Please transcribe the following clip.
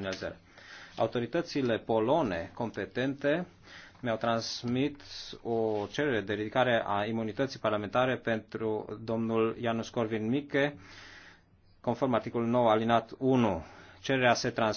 Dumnezeu. Autoritățile polone competente mi-au transmit o cerere de ridicare a imunității parlamentare pentru domnul Janus Corvin mikke conform articolul 9 alinat 1. Cererea se transmite